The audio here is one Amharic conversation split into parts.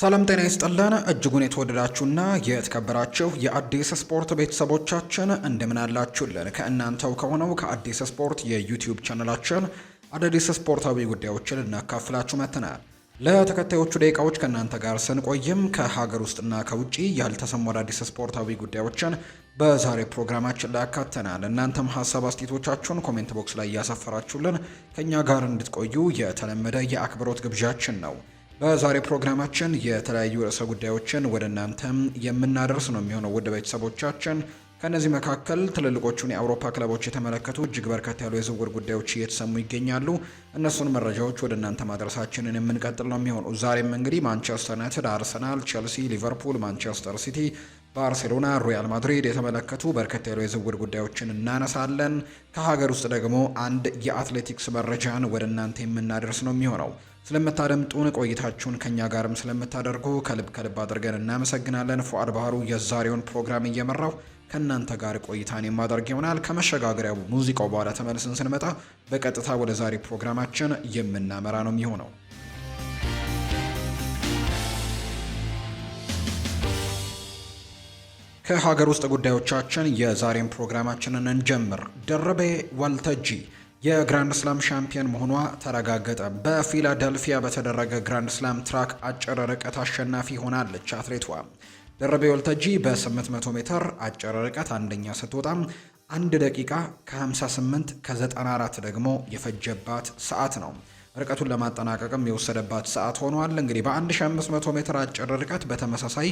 ሰላም ጤና ይስጥልን እጅጉን የተወደዳችሁና የተከበራችሁ የአዲስ ስፖርት ቤተሰቦቻችን እንደምን አላችሁልን? ከእናንተው ከሆነው ከአዲስ ስፖርት የዩቲዩብ ቻነላችን አዳዲስ ስፖርታዊ ጉዳዮችን ልናካፍላችሁ መጥተናል። ለተከታዮቹ ደቂቃዎች ከእናንተ ጋር ስንቆይም ከሀገር ውስጥና ከውጭ ያልተሰሙ አዳዲስ ስፖርታዊ ጉዳዮችን በዛሬ ፕሮግራማችን ላይ ያካተናል። እናንተም ሀሳብ አስቴቶቻችሁን ኮሜንት ቦክስ ላይ እያሰፈራችሁልን ከእኛ ጋር እንድትቆዩ የተለመደ የአክብሮት ግብዣችን ነው። በዛሬ ፕሮግራማችን የተለያዩ ርዕሰ ጉዳዮችን ወደ እናንተም የምናደርስ ነው የሚሆነው ውድ ቤተሰቦቻችን። ከእነዚህ መካከል ትልልቆቹን የአውሮፓ ክለቦች የተመለከቱ እጅግ በርከት ያሉ የዝውውር ጉዳዮች እየተሰሙ ይገኛሉ። እነሱን መረጃዎች ወደ እናንተ ማድረሳችንን የምንቀጥል ነው የሚሆኑ። ዛሬም እንግዲህ ማንቸስተር ዩናይትድ፣ አርሰናል፣ ቸልሲ፣ ሊቨርፑል፣ ማንቸስተር ሲቲ፣ ባርሴሎና፣ ሪያል ማድሪድ የተመለከቱ በርከት ያሉ የዝውውር ጉዳዮችን እናነሳለን። ከሀገር ውስጥ ደግሞ አንድ የአትሌቲክስ መረጃን ወደ እናንተ የምናደርስ ነው የሚሆነው። ስለምታደምጡን ቆይታችሁን ከኛ ጋርም ስለምታደርጉ ከልብ ከልብ አድርገን እናመሰግናለን። ፉአድ ባህሩ የዛሬውን ፕሮግራም እየመራው ከእናንተ ጋር ቆይታን የማደርግ ይሆናል። ከመሸጋገሪያ ሙዚቃው በኋላ ተመልሰን ስንመጣ በቀጥታ ወደ ዛሬ ፕሮግራማችን የምናመራ ነው የሚሆነው። ከሀገር ውስጥ ጉዳዮቻችን የዛሬን ፕሮግራማችንን እንጀምር። ደርቤ ዋልተጂ የግራንድ ስላም ሻምፒየን መሆኗ ተረጋገጠ። በፊላደልፊያ በተደረገ ግራንድ ስላም ትራክ አጭር ርቀት አሸናፊ ሆናለች አትሌቷ ደርቤ ወልተጂ በ800 ሜትር አጭር ርቀት አንደኛ ስትወጣ አንድ ደቂቃ ከ58 ከ94 ደግሞ የፈጀባት ሰዓት ነው። ርቀቱን ለማጠናቀቅም የወሰደባት ሰዓት ሆኗል። እንግዲህ በ1500 ሜትር አጭር ርቀት በተመሳሳይ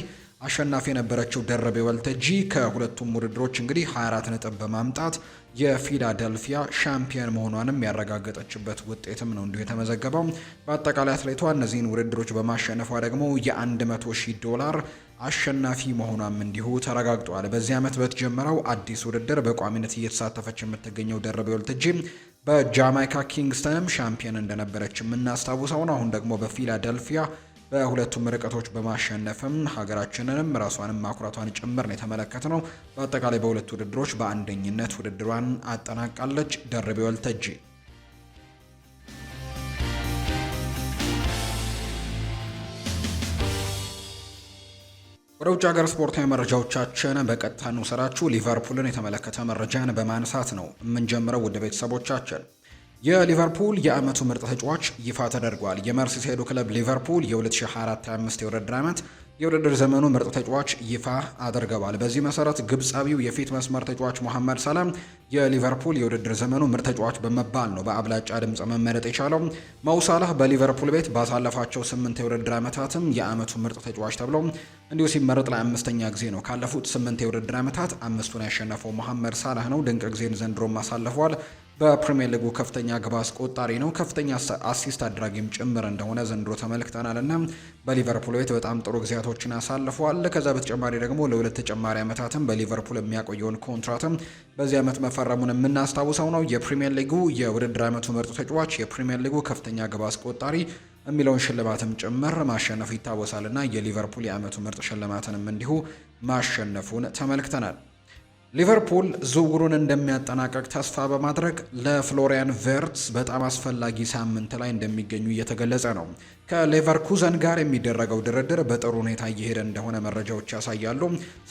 አሸናፊ የነበረችው ደረቤ ወልተጂ ከሁለቱም ውድድሮች እንግዲህ 24 ነጥብ በማምጣት የፊላደልፊያ ሻምፒየን መሆኗንም ያረጋገጠችበት ውጤትም ነው እንዲሁ የተመዘገበው። በአጠቃላይ አትሌቷ እነዚህን ውድድሮች በማሸነፏ ደግሞ የ100 ሺህ ዶላር አሸናፊ መሆኗም እንዲሁ ተረጋግጧል። በዚህ ዓመት በተጀመረው አዲስ ውድድር በቋሚነት እየተሳተፈች የምትገኘው ደረቤ ወልተጂ። በጃማይካ ኪንግስተንም ሻምፒየን እንደነበረች የምናስታውሰው ነው። አሁን ደግሞ በፊላደልፊያ በሁለቱም ርቀቶች በማሸነፍም ሀገራችንንም ራሷንም ማኩራቷን ጭምር ነው የተመለከት ነው። በአጠቃላይ በሁለት ውድድሮች በአንደኝነት ውድድሯን አጠናቃለች። ደርቤ ወልተጂ ወደ ውጭ ሀገር ስፖርታዊ መረጃዎቻችን በቀጥታ እንውሰዳችሁ። ሊቨርፑልን የተመለከተ መረጃን በማንሳት ነው የምንጀምረው። ውድ ቤተሰቦቻችን የሊቨርፑል የአመቱ ምርጥ ተጫዋች ይፋ ተደርጓል። የመርሲሳይዱ ክለብ ሊቨርፑል የ2024/25 የውድድር ዓመት የውድድር ዘመኑ ምርጥ ተጫዋች ይፋ አድርገዋል። በዚህ መሰረት ግብፃዊው የፊት መስመር ተጫዋች መሐመድ ሰላም የሊቨርፑል የውድድር ዘመኑ ምርጥ ተጫዋች በመባል ነው በአብላጫ ድምፅ መመረጥ የቻለው። መውሳላህ በሊቨርፑል ቤት ባሳለፋቸው ስምንት የውድድር ዓመታትም የአመቱ ምርጥ ተጫዋች ተብሎ እንዲሁ ሲመረጥ ለአምስተኛ ጊዜ ነው። ካለፉት ስምንት የውድድር ዓመታት አምስቱን ያሸነፈው መሐመድ ሳላህ ነው። ድንቅ ጊዜን ዘንድሮ አሳልፏል። በፕሪሚየር ሊጉ ከፍተኛ ግብ አስቆጣሪ ነው። ከፍተኛ አሲስት አድራጊም ጭምር እንደሆነ ዘንድሮ ተመልክተናል እና በሊቨርፑል ቤት በጣም ጥሩ ጊዜያቶችን አሳልፈዋል። ከዛ በተጨማሪ ደግሞ ለሁለት ተጨማሪ ዓመታትም በሊቨርፑል የሚያቆየውን ኮንትራትም በዚህ ዓመት መፈረሙን የምናስታውሰው ነው። የፕሪሚየር ሊጉ የውድድር ዓመቱ ምርጡ ተጫዋች፣ የፕሪሚየር ሊጉ ከፍተኛ ግብ አስቆጣሪ የሚለውን ሽልማትም ጭምር ማሸነፉ ይታወሳል እና የሊቨርፑል የዓመቱ ምርጥ ሽልማትንም እንዲሁ ማሸነፉን ተመልክተናል። ሊቨርፑል ዝውውሩን እንደሚያጠናቀቅ ተስፋ በማድረግ ለፍሎሪያን ቨርትስ በጣም አስፈላጊ ሳምንት ላይ እንደሚገኙ እየተገለጸ ነው። ከሌቨርኩዘን ጋር የሚደረገው ድርድር በጥሩ ሁኔታ እየሄደ እንደሆነ መረጃዎች ያሳያሉ።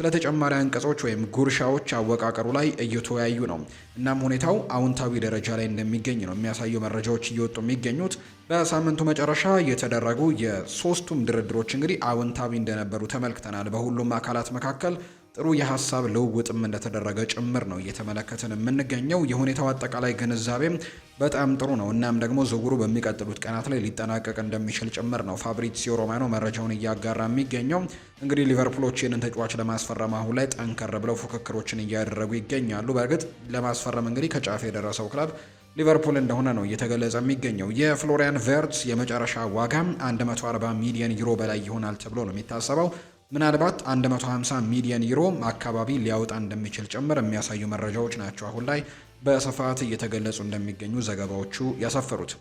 ስለ ተጨማሪ አንቀጾች ወይም ጉርሻዎች አወቃቀሩ ላይ እየተወያዩ ነው። እናም ሁኔታው አውንታዊ ደረጃ ላይ እንደሚገኝ ነው የሚያሳዩ መረጃዎች እየወጡ የሚገኙት። በሳምንቱ መጨረሻ የተደረጉ የሶስቱም ድርድሮች እንግዲህ አውንታዊ እንደነበሩ ተመልክተናል በሁሉም አካላት መካከል ጥሩ የሀሳብ ልውውጥም እንደተደረገ ጭምር ነው እየተመለከትን የምንገኘው። የሁኔታው አጠቃላይ ግንዛቤም በጣም ጥሩ ነው። እናም ደግሞ ዝውውሩ በሚቀጥሉት ቀናት ላይ ሊጠናቀቅ እንደሚችል ጭምር ነው ፋብሪሲዮ ሮማኖ መረጃውን እያጋራ የሚገኘው። እንግዲህ ሊቨርፑሎች ይህንን ተጫዋች ለማስፈረም አሁን ላይ ጠንከር ብለው ፉክክሮችን እያደረጉ ይገኛሉ። በእርግጥ ለማስፈረም እንግዲህ ከጫፍ የደረሰው ክለብ ሊቨርፑል እንደሆነ ነው እየተገለጸ የሚገኘው። የፍሎሪያን ቨርትስ የመጨረሻ ዋጋ 140 ሚሊዮን ዩሮ በላይ ይሆናል ተብሎ ነው የሚታሰበው። ምናልባት 150 ሚሊዮን ዩሮ አካባቢ ሊያወጣ እንደሚችል ጭምር የሚያሳዩ መረጃዎች ናቸው አሁን ላይ በስፋት እየተገለጹ እንደሚገኙ ዘገባዎቹ ያሰፈሩት።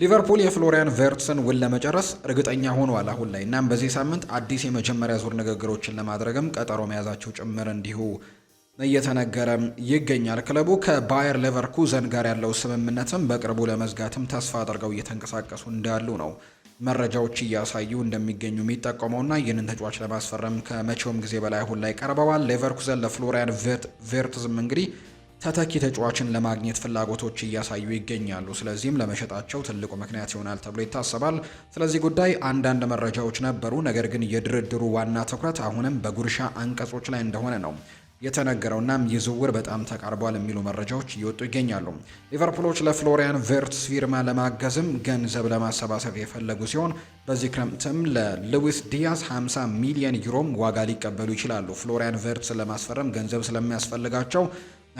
ሊቨርፑል የፍሎሪያን ቨርትስን ውል ለመጨረስ እርግጠኛ ሆኗል አሁን ላይ። እናም በዚህ ሳምንት አዲስ የመጀመሪያ ዙር ንግግሮችን ለማድረግም ቀጠሮ መያዛቸው ጭምር እንዲሁ እየተነገረ ይገኛል። ክለቡ ከባየር ሌቨርኩዘን ጋር ያለው ስምምነትም በቅርቡ ለመዝጋትም ተስፋ አድርገው እየተንቀሳቀሱ እንዳሉ ነው መረጃዎች እያሳዩ እንደሚገኙ የሚጠቆመውና ይህንን ተጫዋች ለማስፈረም ከመቼውም ጊዜ በላይ አሁን ላይ ቀርበዋል። ሌቨርኩዘን ለፍሎሪያን ቬርትዝም እንግዲህ ተተኪ ተጫዋችን ለማግኘት ፍላጎቶች እያሳዩ ይገኛሉ። ስለዚህም ለመሸጣቸው ትልቁ ምክንያት ይሆናል ተብሎ ይታሰባል። ስለዚህ ጉዳይ አንዳንድ መረጃዎች ነበሩ። ነገር ግን የድርድሩ ዋና ትኩረት አሁንም በጉርሻ አንቀጾች ላይ እንደሆነ ነው የተነገረው እናም በጣም ተቃርቧል የሚሉ መረጃዎች እየወጡ ይገኛሉ። ሊቨርፑሎች ለፍሎሪያን ቨርትስ ፊርማ ለማገዝም ገንዘብ ለማሰባሰብ የፈለጉ ሲሆን በዚህ ክረምትም ለሉዊስ ዲያዝ 50 ሚሊዮን ዩሮም ዋጋ ሊቀበሉ ይችላሉ። ፍሎሪያን ቨርትስ ለማስፈረም ገንዘብ ስለሚያስፈልጋቸው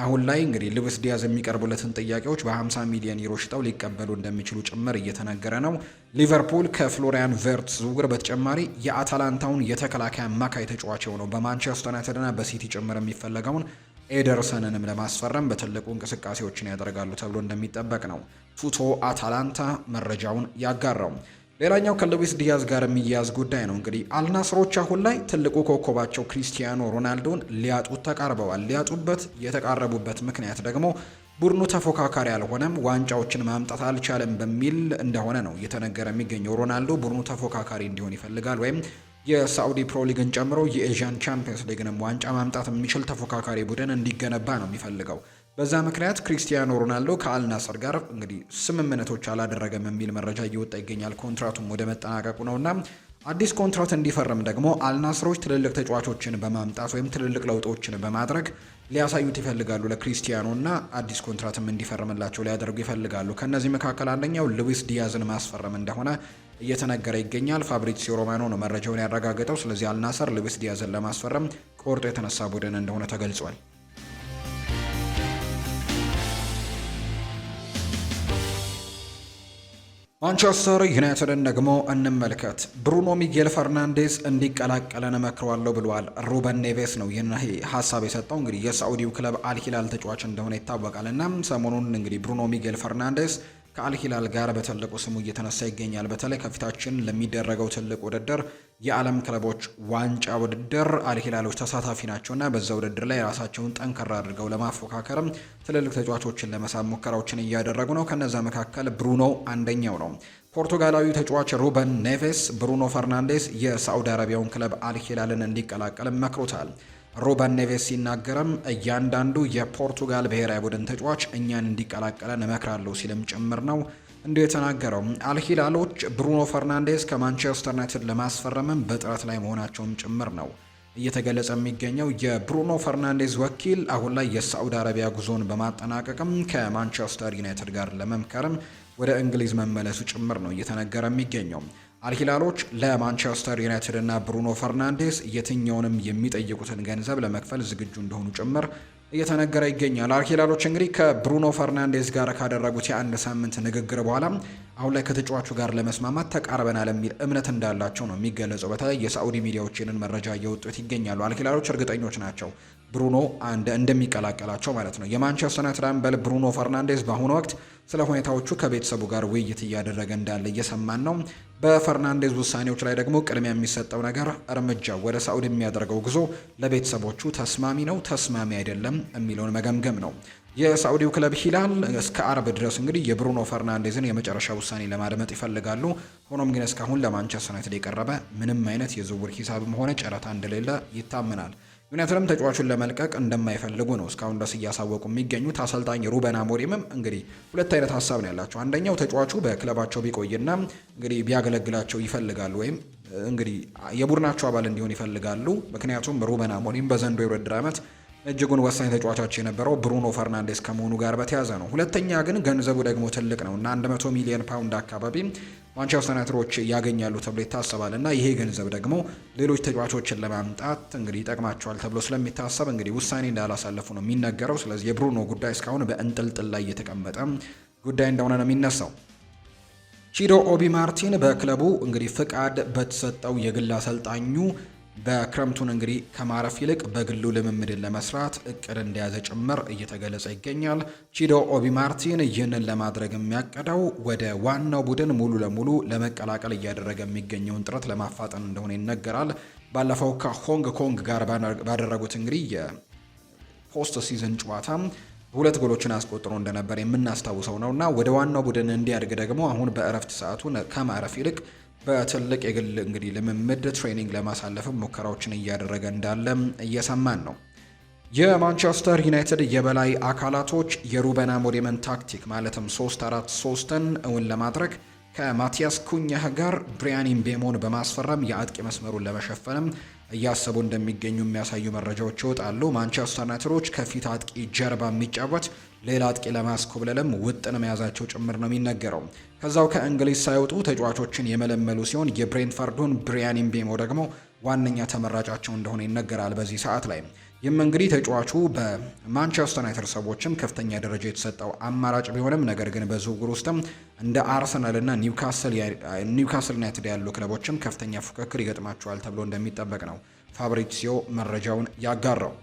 አሁን ላይ እንግዲህ ልብስ ዲያዝ የሚቀርቡለትን ጥያቄዎች በ50 ሚሊዮን ዩሮ ሽጠው ሊቀበሉ እንደሚችሉ ጭምር እየተነገረ ነው። ሊቨርፑል ከፍሎሪያን ቨርት ዝውውር በተጨማሪ የአታላንታውን የተከላካይ አማካይ ተጫዋቸው ነው በማንቸስተር ዩናይትድና በሲቲ ጭምር የሚፈለገውን ኤደርሰንንም ለማስፈረም በትልቁ እንቅስቃሴዎችን ያደርጋሉ ተብሎ እንደሚጠበቅ ነው ቱቶ አታላንታ መረጃውን ያጋራው። ሌላኛው ከሉዊስ ዲያዝ ጋር የሚያያዝ ጉዳይ ነው። እንግዲህ አልናስሮች አሁን ላይ ትልቁ ኮከባቸው ክሪስቲያኖ ሮናልዶን ሊያጡት ተቃርበዋል። ሊያጡበት የተቃረቡበት ምክንያት ደግሞ ቡድኑ ተፎካካሪ አልሆነም፣ ዋንጫዎችን ማምጣት አልቻለም በሚል እንደሆነ ነው እየተነገረ የሚገኘው። ሮናልዶ ቡድኑ ተፎካካሪ እንዲሆን ይፈልጋል ወይም የሳዑዲ ፕሮ ሊግን ጨምሮ የኤዥያን ቻምፒየንስ ሊግንም ዋንጫ ማምጣት የሚችል ተፎካካሪ ቡድን እንዲገነባ ነው የሚፈልገው። በዛ ምክንያት ክሪስቲያኖ ሮናልዶ ከአልናስር ጋር እንግዲህ ስምምነቶች አላደረገም የሚል መረጃ እየወጣ ይገኛል። ኮንትራቱም ወደ መጠናቀቁ ነውና አዲስ ኮንትራት እንዲፈርም ደግሞ አልናስሮች ትልልቅ ተጫዋቾችን በማምጣት ወይም ትልልቅ ለውጦችን በማድረግ ሊያሳዩት ይፈልጋሉ እና አዲስ ኮንትራትም እንዲፈርምላቸው ሊያደርጉ ይፈልጋሉ። ከእነዚህ መካከል አንደኛው ሉዊስ ዲያዝን ማስፈረም እንደሆነ እየተነገረ ይገኛል። ፋብሪሲዮ ሮማኖ ነው መረጃውን ያረጋገጠው። ስለዚህ አልናሰር ሉዊስ ዲያዝን ለማስፈረም ቆርጦ የተነሳ ቡድን እንደሆነ ተገልጿል። ማንቸስተር ዩናይትድን ደግሞ እንመልከት። ብሩኖ ሚጌል ፈርናንዴዝ እንዲቀላቀለን እመክረዋለሁ ብለዋል። ሩበን ኔቬስ ነው ይህ ሀሳብ የሰጠው። እንግዲህ የሳዑዲው ክለብ አልሂላል ተጫዋች እንደሆነ ይታወቃል። እናም ሰሞኑን እንግዲህ ብሩኖ ሚጌል ፈርናንዴስ ከአልሂላል ጋር በትልቁ ስሙ እየተነሳ ይገኛል። በተለይ ከፊታችን ለሚደረገው ትልቅ ውድድር የዓለም ክለቦች ዋንጫ ውድድር አልሂላሎች ተሳታፊ ናቸውና በዛ ውድድር ላይ ራሳቸውን ጠንከራ አድርገው ለማፎካከርም ትልልቅ ተጫዋቾችን ለመሳብ ሙከራዎችን እያደረጉ ነው። ከነዛ መካከል ብሩኖ አንደኛው ነው። ፖርቱጋላዊ ተጫዋች ሩበን ኔቬስ ብሩኖ ፈርናንዴስ የሳዑዲ አረቢያውን ክለብ አልሂላልን እንዲቀላቀል መክሮታል። ሩበን ኔቬስ ሲናገርም እያንዳንዱ የፖርቱጋል ብሔራዊ ቡድን ተጫዋች እኛን እንዲቀላቀለን እመክራለሁ ሲልም ጭምር ነው እንዲሁ የተናገረው። አልሂላሎች ብሩኖ ፈርናንዴዝ ከማንቸስተር ዩናይትድ ለማስፈረምም በጥረት ላይ መሆናቸውም ጭምር ነው እየተገለጸ የሚገኘው። የብሩኖ ፈርናንዴዝ ወኪል አሁን ላይ የሳዑዲ አረቢያ ጉዞን በማጠናቀቅም ከማንቸስተር ዩናይትድ ጋር ለመምከርም ወደ እንግሊዝ መመለሱ ጭምር ነው እየተነገረ የሚገኘው። አልሂላሎች ለማንቸስተር ዩናይትድ እና ብሩኖ ፈርናንዴስ የትኛውንም የሚጠይቁትን ገንዘብ ለመክፈል ዝግጁ እንደሆኑ ጭምር እየተነገረ ይገኛል። አልሂላሎች እንግዲህ ከብሩኖ ፈርናንዴስ ጋር ካደረጉት የአንድ ሳምንት ንግግር በኋላ አሁን ላይ ከተጫዋቹ ጋር ለመስማማት ተቃርበናል የሚል እምነት እንዳላቸው ነው የሚገለጸው። በተለይ የሳዑዲ ሚዲያዎች ይህንን መረጃ እየወጡት ይገኛሉ። አልሂላሎች እርግጠኞች ናቸው ብሩኖ እንደሚቀላቀላቸው ማለት ነው። የማንቸስተር ዩናይትድ አምበል ብሩኖ ፈርናንዴዝ በአሁኑ ወቅት ስለ ሁኔታዎቹ ከቤተሰቡ ጋር ውይይት እያደረገ እንዳለ እየሰማን ነው። በፈርናንዴዝ ውሳኔዎች ላይ ደግሞ ቅድሚያ የሚሰጠው ነገር እርምጃ ወደ ሳዑዲ የሚያደርገው ጉዞ ለቤተሰቦቹ ተስማሚ ነው፣ ተስማሚ አይደለም የሚለውን መገምገም ነው። የሳዑዲው ክለብ ሂላል እስከ አርብ ድረስ እንግዲህ የብሩኖ ፈርናንዴዝን የመጨረሻ ውሳኔ ለማድመጥ ይፈልጋሉ። ሆኖም ግን እስካሁን ለማንቸስተር ዩናይትድ የቀረበ ምንም አይነት የዝውውር ሂሳብም ሆነ ጨረታ እንደሌለ ይታመናል። ዩናይትድም ተጫዋቹን ለመልቀቅ እንደማይፈልጉ ነው እስካሁን ድረስ እያሳወቁ የሚገኙት። አሰልጣኝ ሩበን አሞሪምም እንግዲህ ሁለት አይነት ሀሳብ ነው ያላቸው። አንደኛው ተጫዋቹ በክለባቸው ቢቆይና እንግዲህ ቢያገለግላቸው ይፈልጋሉ ወይም እንግዲህ የቡድናቸው አባል እንዲሆን ይፈልጋሉ። ምክንያቱም ሩበን አሞሪም በዘንዶ የውድድር ዓመት እጅጉን ወሳኝ ተጫዋቾች የነበረው ብሩኖ ፈርናንዴስ ከመሆኑ ጋር በተያያዘ ነው። ሁለተኛ ግን ገንዘቡ ደግሞ ትልቅ ነው እና 100 ሚሊዮን ፓውንድ አካባቢ ማንቸስተር ዩናይትዶች ያገኛሉ ተብሎ ይታሰባል እና ይሄ ገንዘብ ደግሞ ሌሎች ተጫዋቾችን ለማምጣት እንግዲህ ይጠቅማቸዋል ተብሎ ስለሚታሰብ እንግዲህ ውሳኔ እንዳላሳለፉ ነው የሚነገረው። ስለዚህ የብሩኖ ጉዳይ እስካሁን በእንጥልጥል ላይ የተቀመጠ ጉዳይ እንደሆነ ነው የሚነሳው። ቺዶ ኦቢ ማርቲን በክለቡ እንግዲህ ፍቃድ በተሰጠው የግል አሰልጣኙ በክረምቱን እንግዲህ ከማረፍ ይልቅ በግሉ ልምምድን ለመስራት እቅድ እንደያዘ ጭምር እየተገለጸ ይገኛል። ቺዶ ኦቢ ማርቲን ይህንን ለማድረግ የሚያቀደው ወደ ዋናው ቡድን ሙሉ ለሙሉ ለመቀላቀል እያደረገ የሚገኘውን ጥረት ለማፋጠን እንደሆነ ይነገራል። ባለፈው ከሆንግ ኮንግ ጋር ባደረጉት እንግዲህ የፖስት ሲዝን ጨዋታ ሁለት ጎሎችን አስቆጥሮ እንደነበር የምናስታውሰው ነውና ወደ ዋናው ቡድን እንዲያድግ ደግሞ አሁን በእረፍት ሰዓቱ ከማረፍ ይልቅ በትልቅ የግል እንግዲህ ልምምድ ትሬኒንግ ለማሳለፍም ሙከራዎችን እያደረገ እንዳለም እየሰማን ነው። የማንቸስተር ዩናይትድ የበላይ አካላቶች የሩበን አሞሪምን ታክቲክ ማለትም ሶስት አራት እውን ለማድረግ ከማቲያስ ኩኛህ ጋር ብሪያኒን ቤሞን በማስፈረም የአጥቂ መስመሩን ለመሸፈንም እያሰቡ እንደሚገኙ የሚያሳዩ መረጃዎች ይወጣሉ። ማንቸስተር ዩናይትዶች ከፊት አጥቂ ጀርባ የሚጫወት ሌላ አጥቂ ለማስኮብለልም ውጥን መያዛቸው ጭምር ነው የሚነገረው። ከዛው ከእንግሊዝ ሳይወጡ ተጫዋቾችን የመለመሉ ሲሆን የብሬንትፈርዱን ብሪያን ቤሞ ደግሞ ዋነኛ ተመራጫቸው እንደሆነ ይነገራል። በዚህ ሰዓት ላይ ይህም እንግዲህ ተጫዋቹ በማንቸስተር ዩናይትድ ሰዎችም ከፍተኛ ደረጃ የተሰጠው አማራጭ ቢሆንም ነገር ግን በዝውውር ውስጥም እንደ አርሰናልና ኒውካስል ዩናይትድ ያሉ ክለቦችም ከፍተኛ ፉክክር ይገጥማቸዋል ተብሎ እንደሚጠበቅ ነው ፋብሪሲዮ መረጃውን ያጋራው።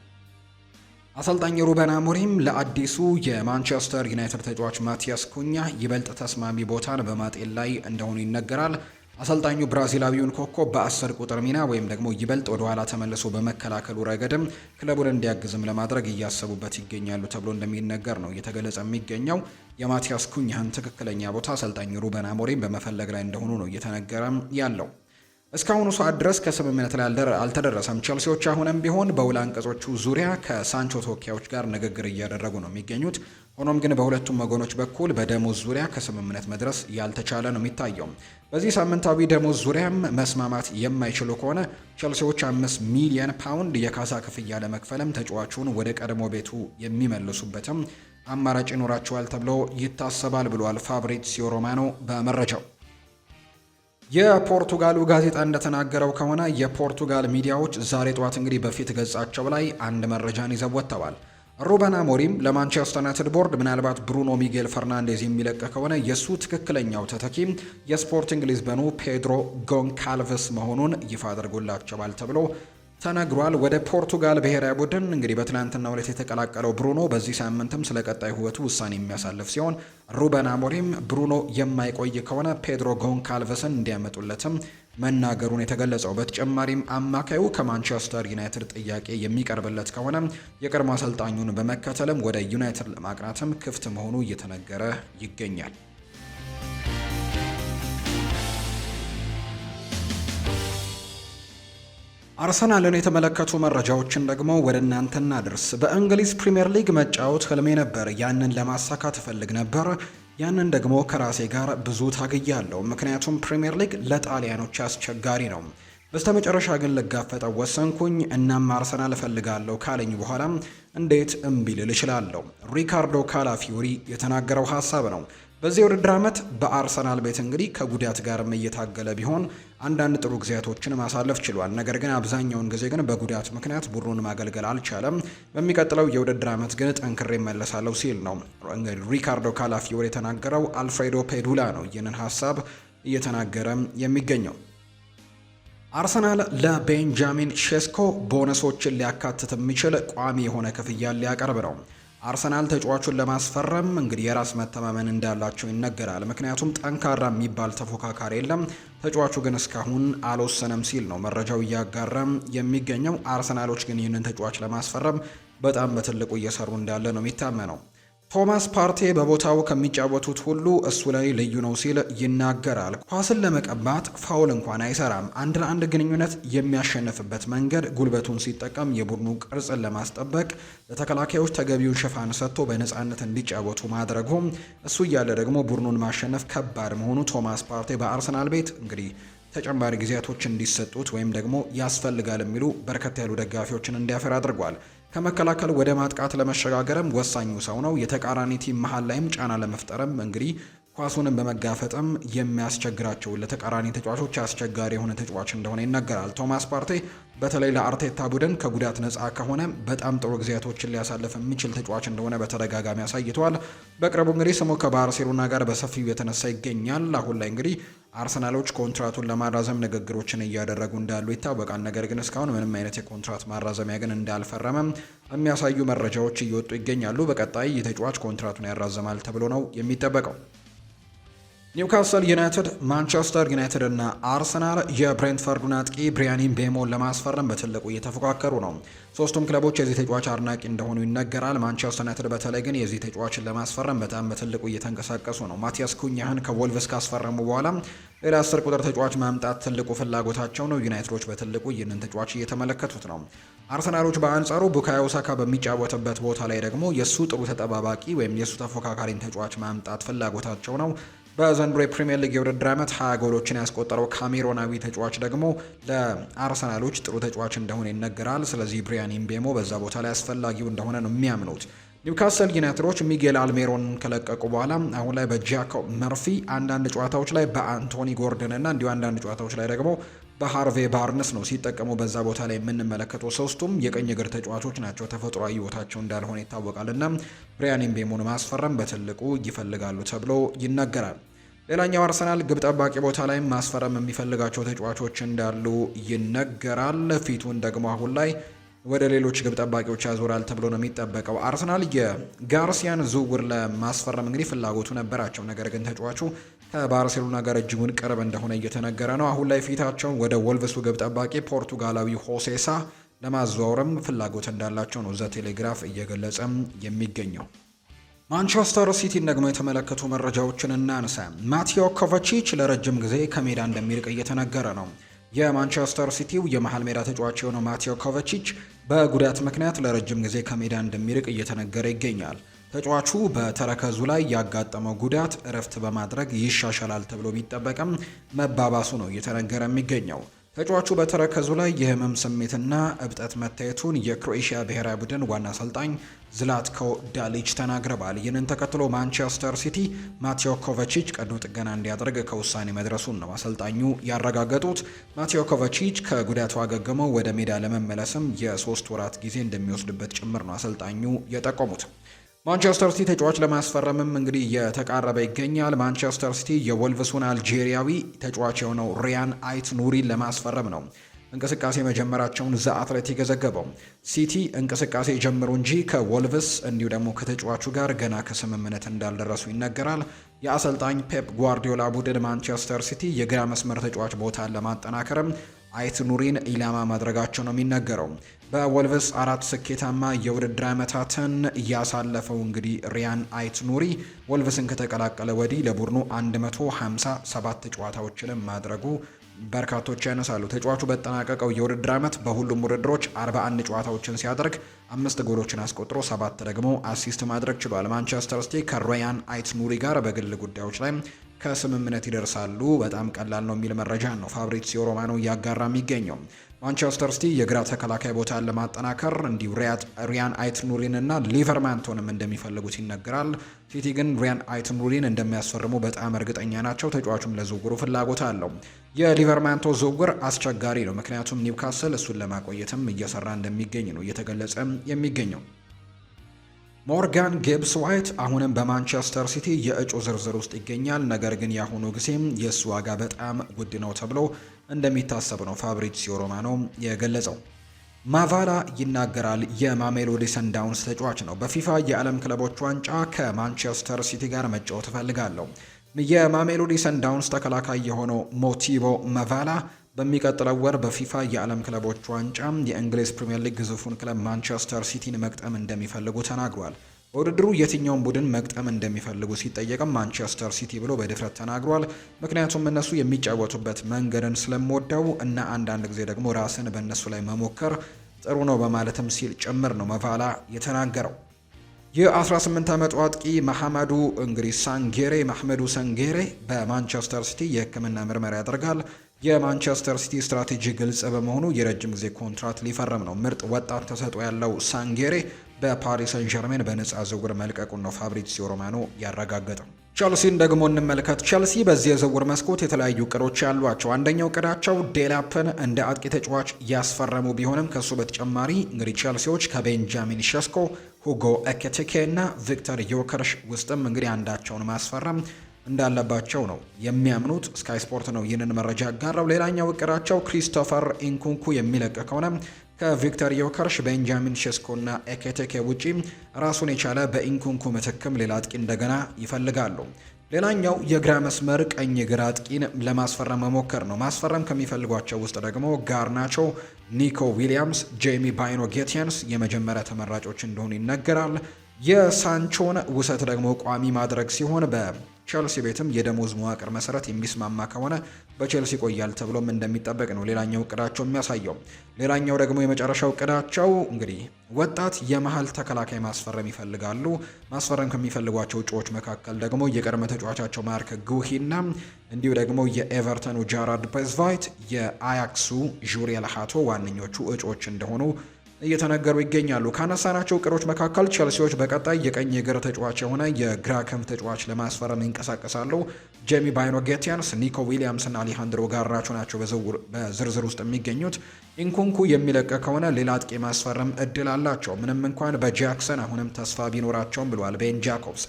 አሰልጣኝ ሩበን አሞሪም ለአዲሱ የማንቸስተር ዩናይትድ ተጫዋች ማቲያስ ኩኛ ይበልጥ ተስማሚ ቦታን በማጤን ላይ እንደሆኑ ይነገራል። አሰልጣኙ ብራዚላዊውን ኮከብ በአስር ቁጥር ሚና ወይም ደግሞ ይበልጥ ወደ ኋላ ተመልሶ በመከላከሉ ረገድም ክለቡን እንዲያግዝም ለማድረግ እያሰቡበት ይገኛሉ ተብሎ እንደሚነገር ነው እየተገለጸ የሚገኘው። የማቲያስ ኩኛህን ትክክለኛ ቦታ አሰልጣኝ ሩበን አሞሪም በመፈለግ ላይ እንደሆኑ ነው እየተነገረም ያለው። እስካሁኑ ሰዓት ድረስ ከስምምነት ላይ አልተደረሰም። ቸልሲዎች አሁንም ቢሆን በውል አንቀጾቹ ዙሪያ ከሳንቾ ተወካዮች ጋር ንግግር እያደረጉ ነው የሚገኙት። ሆኖም ግን በሁለቱም ወገኖች በኩል በደሞዝ ዙሪያ ከስምምነት መድረስ ያልተቻለ ነው የሚታየው። በዚህ ሳምንታዊ ደሞዝ ዙሪያም መስማማት የማይችሉ ከሆነ ቸልሲዎች አምስት ሚሊየን ፓውንድ የካሳ ክፍያ ለመክፈልም ተጫዋቹን ወደ ቀድሞ ቤቱ የሚመልሱበትም አማራጭ ይኖራቸዋል ተብሎ ይታሰባል ብሏል ፋብሪዚዮ ሮማኖ በመረጃው የፖርቱጋሉ ጋዜጣ እንደተናገረው ከሆነ የፖርቱጋል ሚዲያዎች ዛሬ ጠዋት እንግዲህ በፊት ገጻቸው ላይ አንድ መረጃን ይዘው ወጥተዋል። ሩበን አሞሪም ለማንቸስተር ዩናይትድ ቦርድ ምናልባት ብሩኖ ሚጌል ፈርናንዴዝ የሚለቅ ከሆነ የእሱ ትክክለኛው ተተኪም የስፖርቲንግ ሊዝበኑ ፔድሮ ጎንካልቭስ መሆኑን ይፋ አድርጎላቸዋል ተብሎ ተነግሯል። ወደ ፖርቱጋል ብሔራዊ ቡድን እንግዲህ በትናንትናው ዕለት የተቀላቀለው ብሩኖ በዚህ ሳምንትም ስለ ቀጣይ ሕይወቱ ውሳኔ የሚያሳልፍ ሲሆን ሩበን አሞሪም ብሩኖ የማይቆይ ከሆነ ፔድሮ ጎንካልቨስን እንዲያመጡለትም መናገሩን የተገለጸው። በተጨማሪም አማካዩ ከማንቸስተር ዩናይትድ ጥያቄ የሚቀርብለት ከሆነ የቀድሞ አሰልጣኙን በመከተልም ወደ ዩናይትድ ለማቅናትም ክፍት መሆኑ እየተነገረ ይገኛል። አርሰናልን የተመለከቱ መረጃዎችን ደግሞ ወደ እናንተ እናድርስ። በእንግሊዝ ፕሪምየር ሊግ መጫወት ህልሜ ነበር። ያንን ለማሳካት እፈልግ ነበር። ያንን ደግሞ ከራሴ ጋር ብዙ ታግያለሁ። ምክንያቱም ፕሪምየር ሊግ ለጣሊያኖች አስቸጋሪ ነው። በስተመጨረሻ ግን ልጋፈጠው ወሰንኩኝ። እናም አርሰናል እፈልጋለሁ ካለኝ በኋላ እንዴት እምቢ ልል እችላለሁ? ሪካርዶ ካላፊዮሪ የተናገረው ሀሳብ ነው። በዚህ ውድድር ዓመት በአርሰናል ቤት እንግዲህ ከጉዳት ጋርም እየታገለ ቢሆን አንዳንድ ጥሩ ጊዜያቶችን ማሳለፍ ችሏል። ነገር ግን አብዛኛውን ጊዜ ግን በጉዳት ምክንያት ቡድኑን ማገልገል አልቻለም። በሚቀጥለው የውድድር ዓመት ግን ጠንክሬ እመለሳለሁ ሲል ነው ሪካርዶ ካላፊዮሪ የተናገረው። አልፍሬዶ ፔዱላ ነው ይህንን ሀሳብ እየተናገረ የሚገኘው። አርሰናል ለቤንጃሚን ሼስኮ ቦነሶችን ሊያካትት የሚችል ቋሚ የሆነ ክፍያን ሊያቀርብ ነው። አርሰናል ተጫዋቹን ለማስፈረም እንግዲህ የራስ መተማመን እንዳላቸው ይነገራል። ምክንያቱም ጠንካራ የሚባል ተፎካካሪ የለም። ተጫዋቹ ግን እስካሁን አልወሰነም ሲል ነው መረጃው እያጋረም የሚገኘው። አርሰናሎች ግን ይህንን ተጫዋች ለማስፈረም በጣም በትልቁ እየሰሩ እንዳለ ነው የሚታመነው። ቶማስ ፓርቴ በቦታው ከሚጫወቱት ሁሉ እሱ ላይ ልዩ ነው ሲል ይናገራል። ኳስን ለመቀባት ፋውል እንኳን አይሰራም። አንድ ለአንድ ግንኙነት የሚያሸንፍበት መንገድ ጉልበቱን ሲጠቀም የቡድኑ ቅርጽን ለማስጠበቅ ለተከላካዮች ተገቢውን ሽፋን ሰጥቶ በነፃነት እንዲጫወቱ ማድረጉም እሱ እያለ ደግሞ ቡድኑን ማሸነፍ ከባድ መሆኑ ቶማስ ፓርቴ በአርሰናል ቤት እንግዲህ ተጨማሪ ጊዜያቶች እንዲሰጡት ወይም ደግሞ ያስፈልጋል የሚሉ በርከት ያሉ ደጋፊዎችን እንዲያፈር አድርጓል። ከመከላከል ወደ ማጥቃት ለመሸጋገርም ወሳኙ ሰው ነው። የተቃራኒ ቲም መሀል ላይም ጫና ለመፍጠርም እንግዲህ ኳሱንም በመጋፈጥም የሚያስቸግራቸው ለተቃራኒ ተጫዋቾች አስቸጋሪ የሆነ ተጫዋች እንደሆነ ይነገራል። ቶማስ ፓርቴ በተለይ ለአርቴታ ቡድን ከጉዳት ነፃ ከሆነ በጣም ጥሩ ጊዜያቶችን ሊያሳልፍ የሚችል ተጫዋች እንደሆነ በተደጋጋሚ አሳይተዋል። በቅርቡ እንግዲህ ስሙ ከባርሴሎና ጋር በሰፊው የተነሳ ይገኛል። አሁን ላይ እንግዲህ አርሰናሎች ኮንትራቱን ለማራዘም ንግግሮችን እያደረጉ እንዳሉ ይታወቃል። ነገር ግን እስካሁን ምንም አይነት የኮንትራት ማራዘሚያ ግን እንዳልፈረመም የሚያሳዩ መረጃዎች እየወጡ ይገኛሉ። በቀጣይ የተጫዋች ኮንትራቱን ያራዘማል ተብሎ ነው የሚጠበቀው። ኒውካስል ዩናይትድ፣ ማንቸስተር ዩናይትድ እና አርሰናል የብሬንትፈርዱን አጥቂ ብሪያኒን ቤሞን ለማስፈረም በትልቁ እየተፎካከሩ ነው። ሶስቱም ክለቦች የዚህ ተጫዋች አድናቂ እንደሆኑ ይነገራል። ማንቸስተር ዩናይትድ በተለይ ግን የዚህ ተጫዋችን ለማስፈረም በጣም በትልቁ እየተንቀሳቀሱ ነው። ማቲያስ ኩኛህን ከቮልቭስ ካስፈረሙ በኋላ ሌላ አስር ቁጥር ተጫዋች ማምጣት ትልቁ ፍላጎታቸው ነው። ዩናይትዶች በትልቁ ይህንን ተጫዋች እየተመለከቱት ነው። አርሰናሎች በአንጻሩ ቡካዮ ሳካ በሚጫወትበት ቦታ ላይ ደግሞ የእሱ ጥሩ ተጠባባቂ ወይም የእሱ ተፎካካሪን ተጫዋች ማምጣት ፍላጎታቸው ነው። በዘንድሮ የፕሪምየር ሊግ የውድድር ዓመት ሀያ ጎሎችን ያስቆጠረው ካሜሮናዊ ተጫዋች ደግሞ ለአርሰናሎች ጥሩ ተጫዋች እንደሆነ ይነገራል። ስለዚህ ብሪያን ኢምቤሞ በዛ ቦታ ላይ አስፈላጊው እንደሆነ ነው የሚያምኑት። ኒውካስል ዩናይትዶች ሚጌል አልሜሮን ከለቀቁ በኋላ አሁን ላይ በጃኮብ መርፊ አንዳንድ ጨዋታዎች ላይ በአንቶኒ ጎርደን እና እንዲሁ አንዳንድ ጨዋታዎች ላይ ደግሞ በሃርቬ ባርንስ ነው ሲጠቀሙ በዛ ቦታ ላይ የምንመለከተው። ሶስቱም የቀኝ እግር ተጫዋቾች ናቸው። ተፈጥሯዊ ህይወታቸው እንዳልሆነ ይታወቃል እና ብሪያን ምቤሞን ማስፈረም በትልቁ ይፈልጋሉ ተብሎ ይነገራል። ሌላኛው አርሰናል ግብ ጠባቂ ቦታ ላይ ማስፈረም የሚፈልጋቸው ተጫዋቾች እንዳሉ ይነገራል። ፊቱን ደግሞ አሁን ላይ ወደ ሌሎች ግብ ጠባቂዎች ያዞራል ተብሎ ነው የሚጠበቀው። አርሰናል የጋርሲያን ዝውውር ለማስፈረም እንግዲህ ፍላጎቱ ነበራቸው፣ ነገር ግን ተጫዋቹ ባርሴሎና ጋር እጅጉን ቅርብ እንደሆነ እየተነገረ ነው። አሁን ላይ ፊታቸውን ወደ ወልቭሱ ግብ ጠባቂ ፖርቱጋላዊ ሆሴሳ ለማዘዋወርም ፍላጎት እንዳላቸው ነው ዘ ቴሌግራፍ እየገለጸም የሚገኘው። ማንቸስተር ሲቲን ደግሞ የተመለከቱ መረጃዎችን እናንሳ። ማቴዮ ኮቫቺች ለረጅም ጊዜ ከሜዳ እንደሚርቅ እየተነገረ ነው። የማንቸስተር ሲቲው የመሃል ሜዳ ተጫዋች የሆነው ማቴዮ ኮቫቺች በጉዳት ምክንያት ለረጅም ጊዜ ከሜዳ እንደሚርቅ እየተነገረ ይገኛል። ተጫዋቹ በተረከዙ ላይ ያጋጠመው ጉዳት እረፍት በማድረግ ይሻሻላል ተብሎ ቢጠበቅም መባባሱ ነው እየተነገረ የሚገኘው። ተጫዋቹ በተረከዙ ላይ የህመም ስሜትና እብጠት መታየቱን የክሮኤሽያ ብሔራዊ ቡድን ዋና አሰልጣኝ ዝላትኮ ዳሊች ተናግረዋል። ይህንን ተከትሎ ማንቸስተር ሲቲ ማቴዎ ኮቫቺች ቀዶ ጥገና እንዲያደርግ ከውሳኔ መድረሱን ነው አሰልጣኙ ያረጋገጡት። ማቴዎ ኮቫቺች ከጉዳቱ አገግሞ ወደ ሜዳ ለመመለስም የሶስት ወራት ጊዜ እንደሚወስድበት ጭምር ነው አሰልጣኙ የጠቆሙት። ማንቸስተር ሲቲ ተጫዋች ለማስፈረምም እንግዲህ እየተቃረበ ይገኛል። ማንቸስተር ሲቲ የወልቭሱን አልጄሪያዊ ተጫዋች የሆነው ሪያን አይት ኑሪን ለማስፈረም ነው እንቅስቃሴ መጀመራቸውን ዘ አትሌቲክ የዘገበው። ሲቲ እንቅስቃሴ ጀምሩ እንጂ ከወልቭስ እንዲሁ ደግሞ ከተጫዋቹ ጋር ገና ከስምምነት እንዳልደረሱ ይነገራል። የአሰልጣኝ ፔፕ ጓርዲዮላ ቡድን ማንቸስተር ሲቲ የግራ መስመር ተጫዋች ቦታን ለማጠናከርም አይት ኑሪን ኢላማ ማድረጋቸው ነው የሚነገረው። በወልቭስ አራት ስኬታማ የውድድር ዓመታትን እያሳለፈው እንግዲህ ሪያን አይት ኑሪ ወልቭስን ከተቀላቀለ ወዲህ ለቡድኑ 157 ጨዋታዎችንም ማድረጉ በርካቶች ያነሳሉ። ተጫዋቹ በጠናቀቀው የውድድር ዓመት በሁሉም ውድድሮች 41 ጨዋታዎችን ሲያደርግ አምስት ጎሎችን አስቆጥሮ ሰባት ደግሞ አሲስት ማድረግ ችሏል። ማንቸስተር ሲቲ ከሮያን አይት ኑሪ ጋር በግል ጉዳዮች ላይ ከስምምነት ይደርሳሉ። በጣም ቀላል ነው የሚል መረጃ ነው ፋብሪሲዮ ሮማኖ እያጋራ የሚገኘው። ማንቸስተር ሲቲ የግራ ተከላካይ ቦታን ለማጠናከር እንዲሁ ሪያን አይትኑሪን እና ሊቨርማንቶንም እንደሚፈልጉት ይነገራል። ሲቲ ግን ሪያን አይትኑሪን እንደሚያስፈርሙ በጣም እርግጠኛ ናቸው። ተጫዋቹም ለዝውውሩ ፍላጎት አለው። የሊቨርማንቶ ዝውውር አስቸጋሪ ነው፣ ምክንያቱም ኒውካስል እሱን ለማቆየትም እየሰራ እንደሚገኝ ነው እየተገለጸ የሚገኘው። ሞርጋን ጌብስ ዋይት አሁንም በማንቸስተር ሲቲ የእጩ ዝርዝር ውስጥ ይገኛል። ነገር ግን የአሁኑ ጊዜም የእሱ ዋጋ በጣም ውድ ነው ተብሎ እንደሚታሰብ ነው ፋብሪዚዮ ሮማኖ የገለጸው። ማቫላ ይናገራል። የማሜሎዲ ሰንዳውንስ ተጫዋች ነው። በፊፋ የዓለም ክለቦች ዋንጫ ከማንቸስተር ሲቲ ጋር መጫወት እፈልጋለሁ። የማሜሎዲ ሰንዳውንስ ተከላካይ የሆነው ሞቲቮ ማቫላ በሚቀጥለው ወር በፊፋ የዓለም ክለቦች ዋንጫ የእንግሊዝ ፕሪምየር ሊግ ግዙፉን ክለብ ማንቸስተር ሲቲን መቅጠም እንደሚፈልጉ ተናግሯል። በውድድሩ የትኛውን ቡድን መቅጠም እንደሚፈልጉ ሲጠየቅም ማንቸስተር ሲቲ ብሎ በድፍረት ተናግሯል። ምክንያቱም እነሱ የሚጫወቱበት መንገድን ስለምወደው እና አንዳንድ ጊዜ ደግሞ ራስን በእነሱ ላይ መሞከር ጥሩ ነው በማለትም ሲል ጭምር ነው መቫላ የተናገረው። የ18 ዓመቱ አጥቂ መሐመዱ እንግዲህ ሳንጌሬ ማህመዱ ሳንጌሬ በማንቸስተር ሲቲ የሕክምና ምርመራ ያደርጋል። የማንቸስተር ሲቲ ስትራቴጂ ግልጽ በመሆኑ የረጅም ጊዜ ኮንትራት ሊፈርም ነው። ምርጥ ወጣት ተሰጥኦ ያለው ሳንጌሬ በፓሪስ ሰን ዠርሜን በነፃ ዝውውር መልቀቁን ነው ፋብሪዚዮ ሮማኖ ያረጋገጠው። ቸልሲን ደግሞ እንመልከት። ቸልሲ በዚህ የዝውውር መስኮት የተለያዩ እቅዶች ያሏቸው። አንደኛው እቅዳቸው ዴላፕን እንደ አጥቂ ተጫዋች ያስፈረሙ ቢሆንም ከሱ በተጨማሪ እንግዲህ ቸልሲዎች ከቤንጃሚን ሸስኮ፣ ሁጎ ኤኪቲኬ እና ቪክተር ዮከርሽ ውስጥም እንግዲህ አንዳቸውን ማስፈረም እንዳለባቸው ነው የሚያምኑት። ስካይ ስፖርት ነው ይህንን መረጃ ያጋራው። ሌላኛው እቅዳቸው ክሪስቶፈር ኢንኩንኩ የሚለቅ ከሆነ ከቪክተር ዮከርሽ፣ ቤንጃሚን ሼስኮ እና ኤኬቴኬ ውጪ ራሱን የቻለ በኢንኩንኩ ምትክም ሌላ አጥቂ እንደገና ይፈልጋሉ። ሌላኛው የግራ መስመር ቀኝ ግራ አጥቂን ለማስፈረም መሞከር ነው። ማስፈረም ከሚፈልጓቸው ውስጥ ደግሞ ጋርናቾ፣ ኒኮ ዊሊያምስ፣ ጄሚ ባይኖ ጌቲያንስ የመጀመሪያ ተመራጮች እንደሆኑ ይነገራል። የሳንቾን ውሰት ደግሞ ቋሚ ማድረግ ሲሆን በ ቼልሲ ቤትም የደሞዝ መዋቅር መሰረት የሚስማማ ከሆነ በቼልሲ ይቆያል ተብሎም እንደሚጠበቅ ነው ሌላኛው እቅዳቸው የሚያሳየው። ሌላኛው ደግሞ የመጨረሻው እቅዳቸው እንግዲህ ወጣት የመሀል ተከላካይ ማስፈረም ይፈልጋሉ። ማስፈረም ከሚፈልጓቸው እጩዎች መካከል ደግሞ የቀድሞ ተጫዋቻቸው ማርክ ጉሂና እንዲሁ ደግሞ የኤቨርተኑ ጃራርድ ቤዝቫይት የአያክሱ ዡሪየል ሃቶ ዋነኞቹ እጩዎች እንደሆኑ እየተነገሩ ይገኛሉ። ካነሳናቸው እቅዶች መካከል ቸልሲዎች በቀጣይ የቀኝ የግር ተጫዋች የሆነ የግራ ከም ተጫዋች ለማስፈረም ይንቀሳቀሳሉ። ጄሚ ባይኖ ጌቲያንስ፣ ኒኮ ዊሊያምስ እና አሊሃንድሮ ጋራቾ ናቸው በዝርዝር ውስጥ የሚገኙት። ኢንኩንኩ የሚለቀ ከሆነ ሌላ አጥቂ ማስፈረም እድል አላቸው፣ ምንም እንኳን በጃክሰን አሁንም ተስፋ ቢኖራቸውም ብሏል ቤን ጃኮብስ።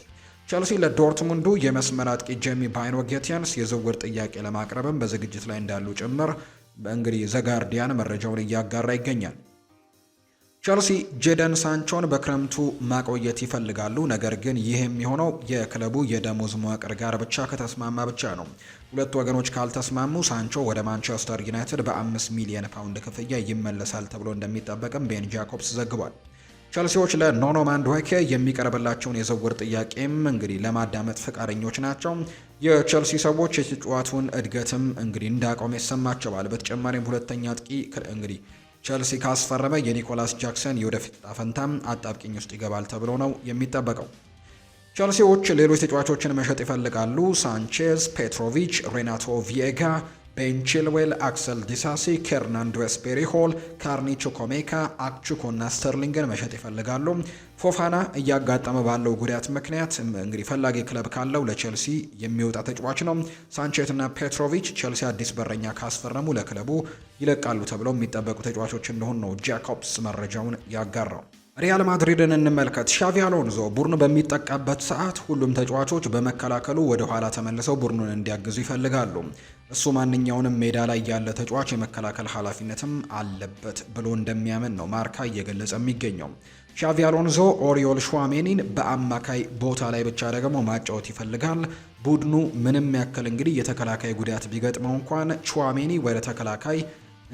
ቸልሲ ለዶርትሙንዱ የመስመር አጥቂ ጄሚ ባይኖ ጌቲያንስ የዝውውር ጥያቄ ለማቅረብም በዝግጅት ላይ እንዳሉ ጭምር እንግዲህ ዘጋርዲያን መረጃውን እያጋራ ይገኛል። ቸልሲ ጄደን ሳንቾን በክረምቱ ማቆየት ይፈልጋሉ። ነገር ግን ይህ የሚሆነው የክለቡ የደሞዝ መዋቅር ጋር ብቻ ከተስማማ ብቻ ነው። ሁለቱ ወገኖች ካልተስማሙ ሳንቾ ወደ ማንቸስተር ዩናይትድ በአምስት ሚሊየን ፓውንድ ክፍያ ይመለሳል ተብሎ እንደሚጠበቅም ቤን ጃኮብስ ዘግቧል። ቸልሲዎች ለኖኖ ማንድዋኬ የሚቀርብላቸውን የዝውውር ጥያቄም እንግዲህ ለማዳመጥ ፈቃደኞች ናቸው። የቸልሲ ሰዎች የተጫዋቱን እድገትም እንግዲህ እንዳቆመ ይሰማቸዋል። በተጨማሪም ሁለተኛ አጥቂ እንግዲህ ቸልሲ ካስፈረመ የኒኮላስ ጃክሰን የወደፊት ዕጣ ፈንታም አጣብቂኝ ውስጥ ይገባል ተብሎ ነው የሚጠበቀው። ቸልሲዎች ሌሎች ተጫዋቾችን መሸጥ ይፈልጋሉ። ሳንቼዝ፣ ፔትሮቪች፣ ሬናቶ ቪየጋ፣ ቤንቺልዌል፣ አክሰል ዲሳሲ፣ ኬርናንዶ ኤስፔሪሆል፣ ካርኒ ቹኮሜካ፣ አክቹኮና ስተርሊንግን መሸጥ ይፈልጋሉ። ፎፋና እያጋጠመ ባለው ጉዳት ምክንያት እንግዲህ ፈላጊ ክለብ ካለው ለቼልሲ የሚወጣ ተጫዋች ነው። ሳንቼትና ፔትሮቪች ቼልሲ አዲስ በረኛ ካስፈረሙ ለክለቡ ይለቃሉ ተብለው የሚጠበቁ ተጫዋቾች እንደሆኑ ነው ጃኮብስ መረጃውን ያጋራው። ሪያል ማድሪድን እንመልከት። ሻቪ አሎንዞ ቡድኑ በሚጠቃበት ሰዓት ሁሉም ተጫዋቾች በመከላከሉ ወደ ኋላ ተመልሰው ቡድኑን እንዲያግዙ ይፈልጋሉ። እሱ ማንኛውንም ሜዳ ላይ ያለ ተጫዋች የመከላከል ኃላፊነትም አለበት ብሎ እንደሚያምን ነው ማርካ እየገለጸ የሚገኘው። ሻቪ አሎንዞ ኦሪዮል ሹዋሜኒን በአማካይ ቦታ ላይ ብቻ ደግሞ ማጫወት ይፈልጋል። ቡድኑ ምንም ያክል እንግዲህ የተከላካይ ጉዳት ቢገጥመው እንኳን ሹዋሜኒ ወደ ተከላካይ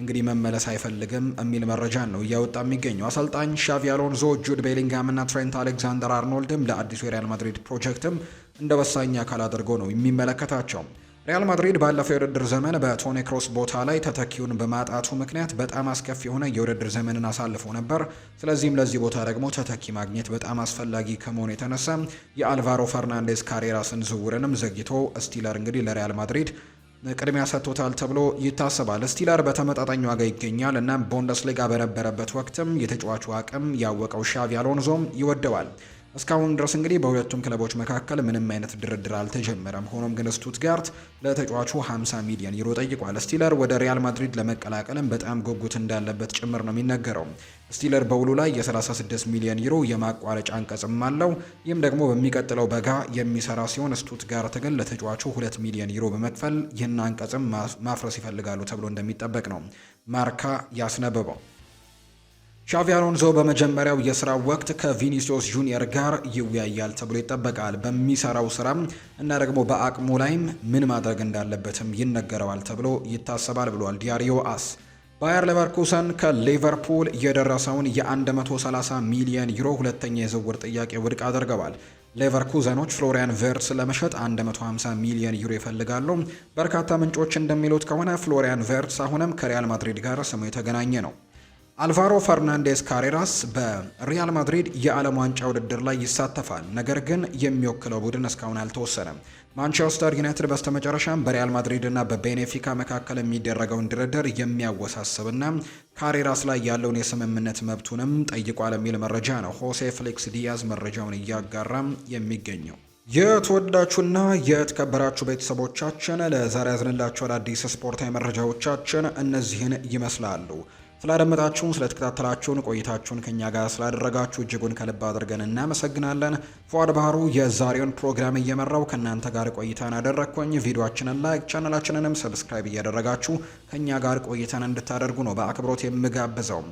እንግዲህ መመለስ አይፈልግም የሚል መረጃ ነው እያወጣ የሚገኘው። አሰልጣኝ ሻቪ አሎንዞ ጁድ ቤሊንግሃምና ትሬንት አሌክዛንደር አርኖልድም ለአዲሱ የሪያል ማድሪድ ፕሮጀክትም እንደ ወሳኝ አካል አድርጎ ነው የሚመለከታቸው። ሪያል ማድሪድ ባለፈው የውድድር ዘመን በቶኒ ክሮስ ቦታ ላይ ተተኪውን በማጣቱ ምክንያት በጣም አስከፊ የሆነ የውድድር ዘመንን አሳልፎ ነበር። ስለዚህም ለዚህ ቦታ ደግሞ ተተኪ ማግኘት በጣም አስፈላጊ ከመሆኑ የተነሳ የአልቫሮ ፈርናንዴዝ ካሬራስን ዝውውርንም ዘግይቶ ስቲለር እንግዲህ ለሪያል ማድሪድ ቅድሚያ ሰጥቶታል ተብሎ ይታሰባል። ስቲለር በተመጣጣኝ ዋጋ ይገኛል እና ቦንደስሊጋ በነበረበት ወቅትም የተጫዋቹ አቅም ያወቀው ሻቪ አሎንዞም ይወደዋል። እስካሁን ድረስ እንግዲህ በሁለቱም ክለቦች መካከል ምንም አይነት ድርድር አልተጀመረም። ሆኖም ግን ስቱትጋርት ለተጫዋቹ 50 ሚሊዮን ዩሮ ጠይቋል። ስቲለር ወደ ሪያል ማድሪድ ለመቀላቀልም በጣም ጉጉት እንዳለበት ጭምር ነው የሚነገረው። ስቲለር በውሉ ላይ የ36 ሚሊዮን ዩሮ የማቋረጫ አንቀጽም አለው። ይህም ደግሞ በሚቀጥለው በጋ የሚሰራ ሲሆን ስቱትጋርት ግን ለተጫዋቹ 2 ሚሊዮን ዩሮ በመክፈል ይህን አንቀጽም ማፍረስ ይፈልጋሉ ተብሎ እንደሚጠበቅ ነው ማርካ ያስነበበው። ሻቪ አሎንሶ በመጀመሪያው የስራ ወቅት ከቪኒሲዮስ ጁኒየር ጋር ይወያያል ተብሎ ይጠበቃል። በሚሰራው ስራ እና ደግሞ በአቅሙ ላይም ምን ማድረግ እንዳለበትም ይነገረዋል ተብሎ ይታሰባል ብሏል ዲያሪዮ አስ። ባየር ሌቨርኩሰን ከሊቨርፑል የደረሰውን የ130 ሚሊዮን ዩሮ ሁለተኛ የዝውውር ጥያቄ ውድቅ አድርገዋል። ሌቨርኩዘኖች ፍሎሪያን ቨርትስ ለመሸጥ 150 ሚሊዮን ዩሮ ይፈልጋሉ። በርካታ ምንጮች እንደሚሉት ከሆነ ፍሎሪያን ቨርትስ አሁንም ከሪያል ማድሪድ ጋር ስሙ የተገናኘ ነው። አልቫሮ ፈርናንዴስ ካሬራስ በሪያል ማድሪድ የዓለም ዋንጫ ውድድር ላይ ይሳተፋል። ነገር ግን የሚወክለው ቡድን እስካሁን አልተወሰነም። ማንቸስተር ዩናይትድ በስተመጨረሻም በሪያል ማድሪድ ና በቤኔፊካ መካከል የሚደረገውን ድርድር የሚያወሳስብና ካሬራስ ላይ ያለውን የስምምነት መብቱንም ጠይቋል የሚል መረጃ ነው ሆሴ ፍሊክስ ዲያዝ መረጃውን እያጋራም የሚገኘው። የተወዳችሁና የተከበራችሁ ቤተሰቦቻችን ለዛሬ ያዝንላችሁ አዳዲስ ስፖርታዊ መረጃዎቻችን እነዚህን ይመስላሉ። ስላደመጣችሁን ስለተከታተላችሁን ቆይታችሁን ከኛ ጋር ስላደረጋችሁ እጅጉን ከልብ አድርገን እናመሰግናለን። ፏድ ባህሩ የዛሬውን ፕሮግራም እየመራው ከእናንተ ጋር ቆይታን አደረግኩኝ። ቪዲዮችንን ላይክ ቻናላችንንም ሰብስክራይብ እያደረጋችሁ ከእኛ ጋር ቆይታን እንድታደርጉ ነው በአክብሮት የምጋብዘው።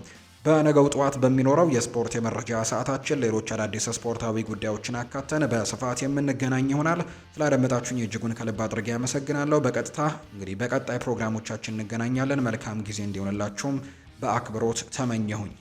በነገው ጠዋት በሚኖረው የስፖርት የመረጃ ሰዓታችን ሌሎች አዳዲስ ስፖርታዊ ጉዳዮችን አካተን በስፋት የምንገናኝ ይሆናል። ስላደመጣችሁኝ እጅጉን ከልብ አድርጌ ያመሰግናለሁ። በቀጥታ እንግዲህ በቀጣይ ፕሮግራሞቻችን እንገናኛለን። መልካም ጊዜ እንዲሆንላችሁም በአክብሮት ተመኘሁኝ።